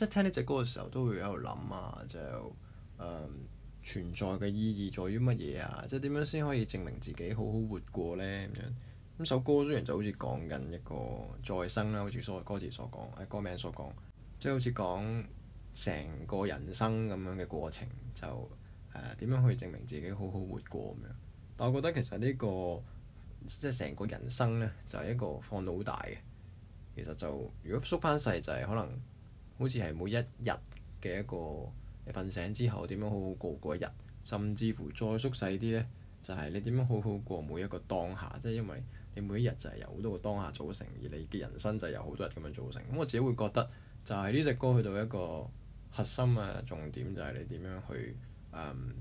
即係聽呢隻歌嘅時候，都會喺度諗啊，就誒、呃、存在嘅意義在於乜嘢啊？即係點樣先可以證明自己好好活過呢？咁樣咁首歌雖然就好似講緊一個在生啦，好似所歌詞所講，誒、哎、歌名所講，即、就、係、是、好似講成個人生咁樣嘅過程，就誒點、呃、樣去證明自己好好活過咁樣。但我覺得其實呢、這個即係成個人生呢，就係、是、一個放到好大嘅，其實就如果縮翻細，就係、是、可能。好似係每一日嘅一個你瞓醒之後，點樣好好過嗰一日，甚至乎再縮細啲呢，就係、是、你點樣好好過每一個當下。即、就、係、是、因為你每一日就係由好多個當下組成，而你嘅人生就係由好多日咁樣組成。咁我自己會覺得，就係呢隻歌去到一個核心嘅重點，就係你點樣去誒、嗯、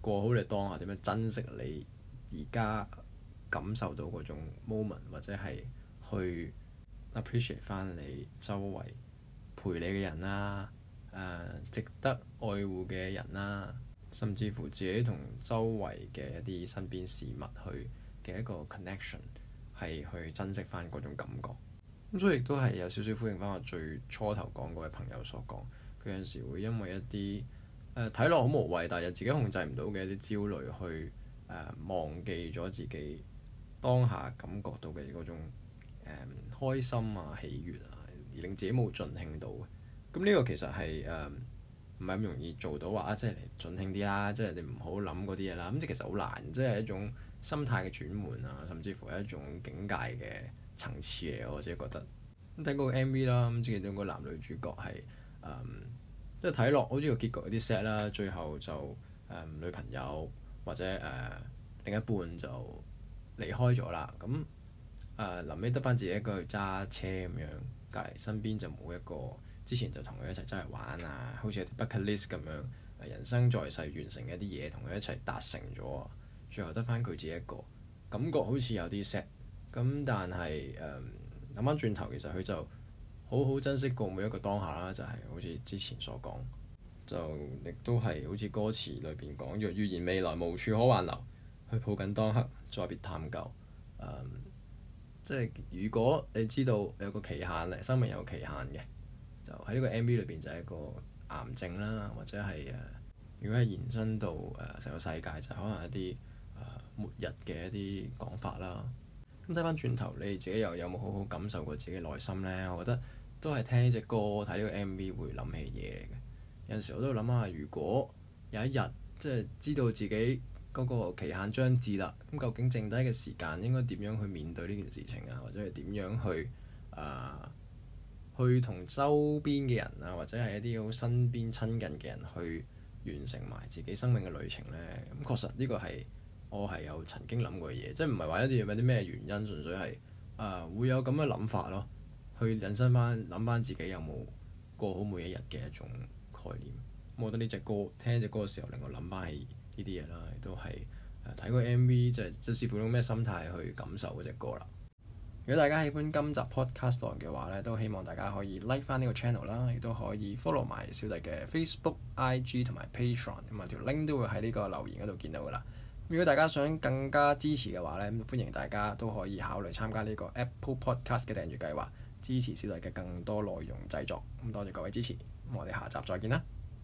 過好你當下，點樣珍惜你而家感受到嗰種 moment，或者係去 appreciate 翻你周圍。陪你嘅人啦、啊，誒、呃、值得愛護嘅人啦、啊，甚至乎自己同周圍嘅一啲身邊事物去嘅一個 connection，係去珍惜翻嗰種感覺，咁所以亦都係有少少呼應翻我最初頭講嗰位朋友所講，佢有陣時會因為一啲誒睇落好無謂，但係自己控制唔到嘅一啲焦慮去誒、呃、忘記咗自己當下感覺到嘅嗰種誒、呃、開心啊、喜悅啊。而令自己冇盡興到嘅，咁呢個其實係誒唔係咁容易做到話啊，即係盡興啲啦，即係你唔好諗嗰啲嘢啦。咁即係其實好難，即係一種心態嘅轉換啊，甚至乎係一種境界嘅層次嚟。我自己覺得咁睇嗰個 MV 啦，咁即係兩個男女主角係誒、嗯，即係睇落好似個結局有啲 sad 啦。最後就誒、嗯、女朋友或者誒、呃、另一半就離開咗啦。咁誒臨尾得翻自己一個去揸車咁樣。隔離身邊就冇一個，之前就同佢一齊真係玩啊，好似啲 bucket list 咁樣，人生在世完成一啲嘢，同佢一齊達成咗啊，最後得翻佢自己一個，感覺好似有啲 sad，咁但係誒諗翻轉頭，嗯、想想其實佢就好好珍惜過每一個當下啦、啊，就係、是、好似之前所講，就亦都係好似歌詞裏邊講，若預言未來無處可挽留，去抱緊當刻，再別探究誒。嗯即係如果你知道有個期限咧，生命有期限嘅，就喺呢個 MV 裏邊就係一個癌症啦，或者係誒、呃，如果係延伸到誒成、呃、個世界，就可能一啲誒、呃、末日嘅一啲講法啦。咁睇翻轉頭，你自己又有冇好好感受過自己內心呢？我覺得都係聽呢隻歌、睇呢個 MV 會諗起嘢嘅。有陣時我都諗下，如果有一日即係知道自己，嗰個期限將至啦，咁究竟剩低嘅時間應該點樣去面對呢件事情啊？或者係點樣去啊、呃？去同周邊嘅人啊，或者係一啲好身邊親近嘅人去完成埋自己生命嘅旅程咧？咁、嗯、確實呢個係我係有曾經諗過嘅嘢，即係唔係話一定要有啲咩原因，純粹係啊、呃、會有咁嘅諗法咯，去引申翻諗翻自己有冇過好每一日嘅一種概念。我覺得呢隻歌聽呢隻歌嘅時候，令我諗翻起呢啲嘢啦，亦都係睇個 M V，即係即係，視乎用咩心態去感受嗰隻歌啦。如果大家喜歡今集 podcast 嘅話咧，都希望大家可以 like 翻呢個 channel 啦，亦都可以 follow 埋小弟嘅 Facebook、I G 同埋 Patreon，咁啊條 link 都會喺呢個留言嗰度見到噶啦。如果大家想更加支持嘅話咧，咁歡迎大家都可以考慮參加呢個 Apple Podcast 嘅訂閱計劃，支持小弟嘅更多內容製作。咁多謝各位支持，咁我哋下集再見啦～